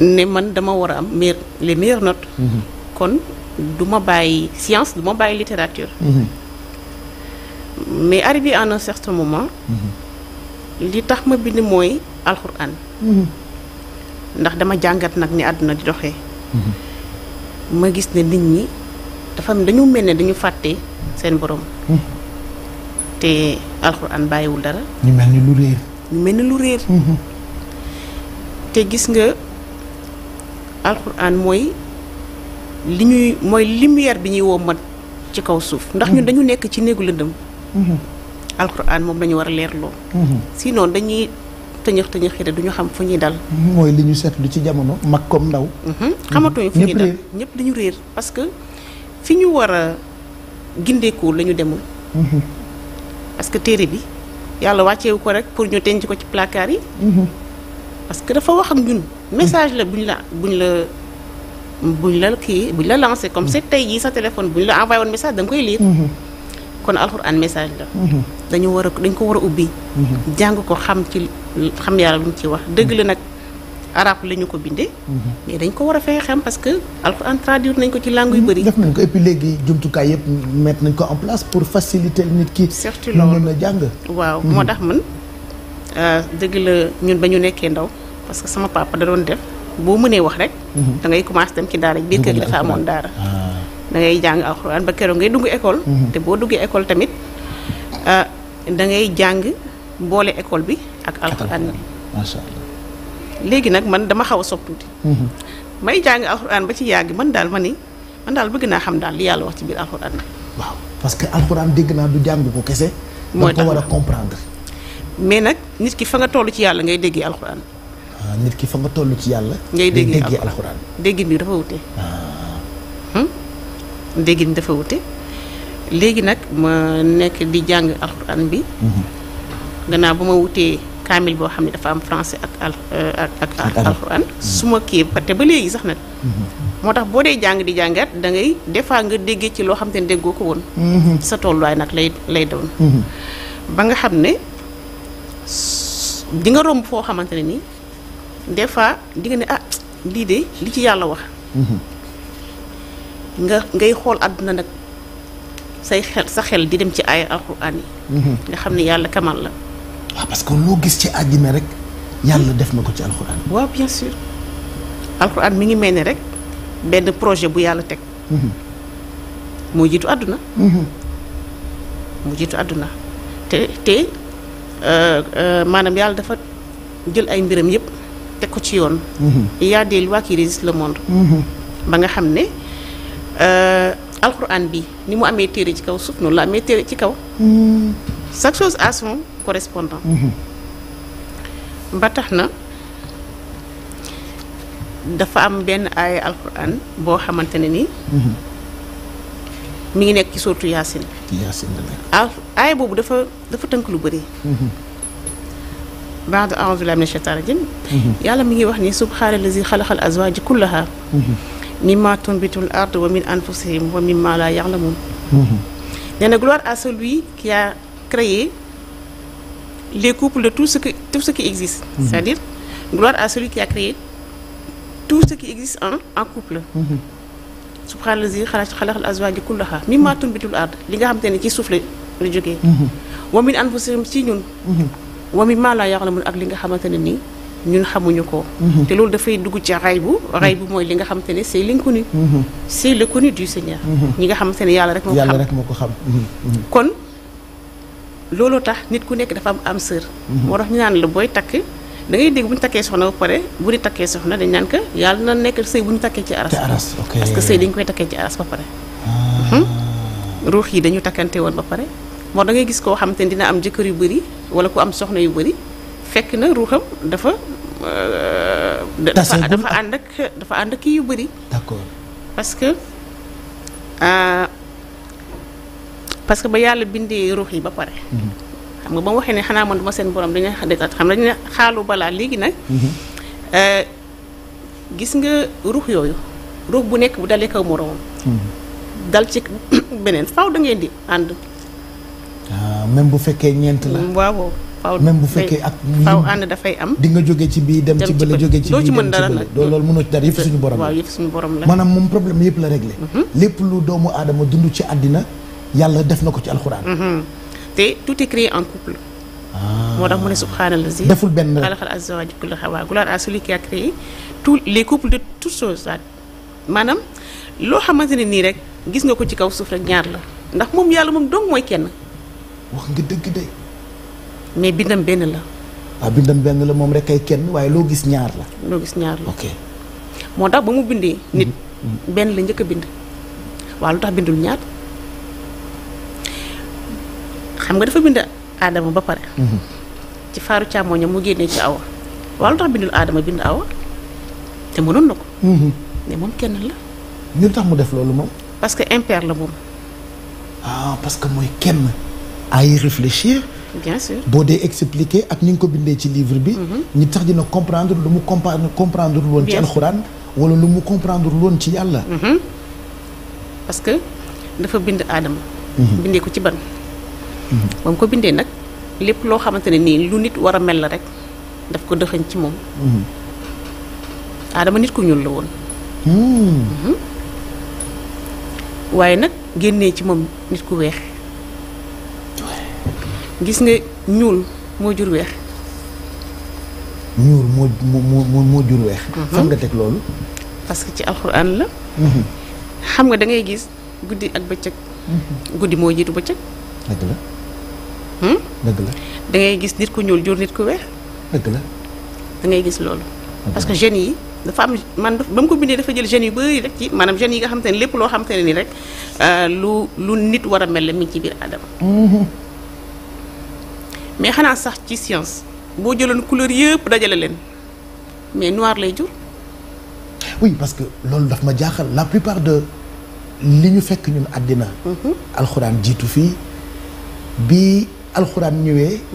ne man dama war a am meilleur les meilleures mhm. kon du ma bàyyi science du ma bàyyi littérature mhm. mais arrivé à un certain moment mhm. li tax ma bind mooy alxuraan ndax dama jàngat nag ni àdduna di doxee ma gis ne nit ñi dafa dañu mel ne dañu fàtte seen borom te alxuraan bàyyiwul dara ñu mel ni lu réer te gis nga alxuraan mooy li ñuy mooy lumière bi ñuy woo mat ci kaw suuf ndax ñun mhm. dañu nekk ci néegu lëndëm mhm. alxuraan moom dañu war a leerloo mhm. sinon dañuy tëñëx tëñëx yi duñu xam fu ñuy dal mooy li ñu seetlu ci jamono mag comme ndaw xamatuñu fu ñuy dal ñëpp dañu réer parce que fi ñu war a gindeekoo la ñu demul parce que téere bi yàlla wàcceewu ko rek pour ñu tenc ko ci placard yi parce dafa wax ak ñun message la bu ñu la bu ñu la buñ la kii bu ñu la lancé comme mm-hmm. c'est tey jii sa téléphone bu ñu la envoyé woon message danga nga koy lire. Mm-hmm. kon alxuraan message la. Mm-hmm. dañu war ko dañ ko war a ubbi. jàng ko xam ci xam yàlla lu mu ci wax dëgg la nag arab lañu ko bindee. mais dañ ko war a fexe xem parce que alxuraan traduire nañ ko ci langue yu bëri. def nañ ko et léegi jumtukaay yëpp met nañ ko en place pour faciliter nit ki. surtout loolu mën a jàng. waaw moo tax man euh, dëgg la ñun ba ñu nekkee ndaw. parce que sama papa da doon def boo mënee wax rek. Mhm. da ngay commencé dem ci daara biir kër gi dafa amoon daara. Ah. da ngay jàng alxuraan ba keroog ngay dugg école. Mhm. te boo duggee école tamit ah, ngay jàng boole école bi ak alxuraan léegi nag man dama xaw a sopp tuuti. Mhm. may jàng alxuraan ba ci yàgg man daal man ni man daal bëgg naa xam daal li yàlla wax ci biir alxuraan bi. waaw parce que alxuraan dégg naa du jàng ko kese. mooy tax a comprendre. mais nag nit ki fa nga toll ci yàlla ngay déggee alxuraan. Ah, nit ki fa nga tollu ci yàlla. ngay déggee alxuraan déggin bi dafa wute. Ah. Hmm? déggin dafa wute léegi nag ma nekk di jàng alxuraan bi. Mhm. gannaaw ba ma wutee kaamil boo xam ne dafa am français ak al euh, ak ak alxuraan mhm. su ma kii te ba léegi sax nag. Mhm. moo tax boo dee jàng di jàngat dangay ngay nga déggee ci loo xam te ne déggoo ko woon. sa tolluwaay nag lay lay doon. ba nga xam ne di romb foo xamante ne nii. des fois di nga ne ah lii de li ci yàlla wax. Mhm. nga ngay xool àdduna nag say xel sa xel di dem ci ay alxuraan yi. Mhm. nga xam ne yàlla kamal la. waaw parce que loo gis ci àddina rek yàlla def na ko ci alxuraan. waaw bien sûr alxuraan mi ngi mel ni rek benn projet bu yàlla teg. Mhm. moo jiitu àdduna. moo jiitu àdduna te te euh, euh, maanaam yàlla dafa jël ay mbiram yépp teg ko ci yoon. Mhm. il y a des lois le monde. Mhm. ba nga xam ne euh, alxuraan bi ni mu amee téere ci kaw suuf noonu la amee téere ci kaw. Mhm. chaque chose a son correspondant. ba tax na dafa am benn aaya alxuraan boo xamante ne ni. mu ngi nekk ci sourate Yaasin. Yaasin la boobu dafa dafa tënk lu bëri. baado aousubillahi mina shaytaan yàlla mi ngi wax ni subhaana lazi xalaxal azwaaji kullaha mimma tunbitul ard wa min anfusihim wa mimma la ya'lamun nee na gloire à celui qui a créé les couples de tout ce qui tout ce qui existe c'est-à-dire gloire à celui qui a créé tout ce qui existe en en couple subhaana lazi xalaxal azwaaji kullaha mimma tunbitul ard li nga xam te ne ci suuf la la jógee wa min anfusihim ci ñun wa mimmaa laa ya'lamuun ak li nga xamante ne nii ñun xamuñu ko. Mhm. te loolu dafay dugg ci ray bu mhm. ray bu mooy li nga xamante ne c'est l'inconnu. Mhm. c'est le connu du Seigneur. ñi nga xamante ne yàlla rek moo ko xam yàlla rek moo ko xam. kon looloo tax nit ku nekk dafa am am sœur. moo tax ñu naan la booy takk. da ngay dégg bu ñu takkee soxna ba pare bu ñu takkee soxna dañ naan que yàlla na nekk sëy bu ñu takkee ci aras. ci aras sëy dañ koy takkee ci aras ba pare. Ah. Hmm? ruux yi dañu takkante woon ba pare. moo da ngay gis koo xamante ni dina am jëkkër yu bari wala ku am soxna yu bari fekk na ruuxam dafa. Euh, dafa dafa ànd ak dafa ànd ak kii yu bari d'accord parce que euh, parce que ba yàlla bindee ruux yi ba pare. Mm-hmm. xam nga ba mu waxee ne xanaa man duma seen borom dañuy xam dañu ne xaalu balaa léegi nag. Mm-hmm. Euh, gis nga ruux yooyu ruux bu nekk bu dalee kaw moroomam mm-hmm. dal ci beneen faw da ngeen di ànd. Ah, même bu fekkee ñeent la. Mm, waaw faaw même bu fekkee ak. faaw ànd dafay am. di nga jóge ci bii dem ci bële jóge ci bii dem ci bële loolu mënoo ci dara yëpp suñu borom la. waaw yëpp suñu borom la. maanaam moom problème yëpp la réglé. Mhm. lépp lu doomu aadama dund ci àddina yàlla def na ko ci alxuraan. Mhm. te tout est créé en couple. Ah. moo tax mu ne subhaanallazi. deful benn rek xalaxal azwaaja kullaha waaw gloire à celui qui a créé tous les couples de toutes choses daal maanaam loo xamante ne nii rek gis nga ko ci kaw suuf rek ñaar la ndax moom yàlla moom dong mooy kenn wax nga dëgg day mais bindam benn la. waaw ah, bindam benn la moom rek ay kenn waaye loo gis ñaar la. loo gis ñaar la ok. tax ba mu bindee. nit mm-hmm. Mm-hmm. benn la njëkk a bind. waaw lu tax bindul ñaar xam nga dafa bind aadama ba pare. Mm-hmm. ci faaru mu génnee ci awa. waaw lu tax bindul aadama bind awa te mënoon na ko. mais moom kenn la. ñu tax mu def loolu moom. parce que impair la moom. ah parce que mooy kenn. ay y réfléchir. bien boo dee expliquer ak ni nga ko bindee ci livre bi. ñi mhm. tax dina comprendre lu mu comprendre comprendre woon ci alxuraan. wala lu mu comprendre woon ci yàlla. Mhm. parce que dafa bind aadama. Mhm. bindee ko ci ban. ba ko bindee nag lépp loo xamante ne nii lu nit war a mel la rek daf ko dëxëñ ci moom. aadama nit ku ñuul la woon. waaye nag génnee ci moom nit ku weex. gis nga ñuul moo jur weex. ñuul moo moo moo jur weex. Mhm. fan nga teg loolu. parce que ci alxuraan la. Mhm. xam nga da ngay gis guddi ak bëccëg. Mhm. guddi moo jiitu bëccëg. dëgg la. Hmm? dëgg la. da ngay gis nit ku ñuul jur nit ku weex. dëgg la. da ngay gis loolu. parce que jeunes yi dafa am man ba mu ko bindee dafa jël jeunes yu bëri rek ci maanaam jeunes yi nga xam te lépp loo xam te ne nii rek euh, lu lu nit war a mel la mi ci biir Adama. mais xanaa sax ci science boo jëloon couleur yëpp dajale leen mais noir lay jur. oui parce que loolu daf ma jaaxal la plupart de li ñu fekk ñun àddina. Mm-hmm. alxuraan jiitu fii bi alxuraan ñëwee.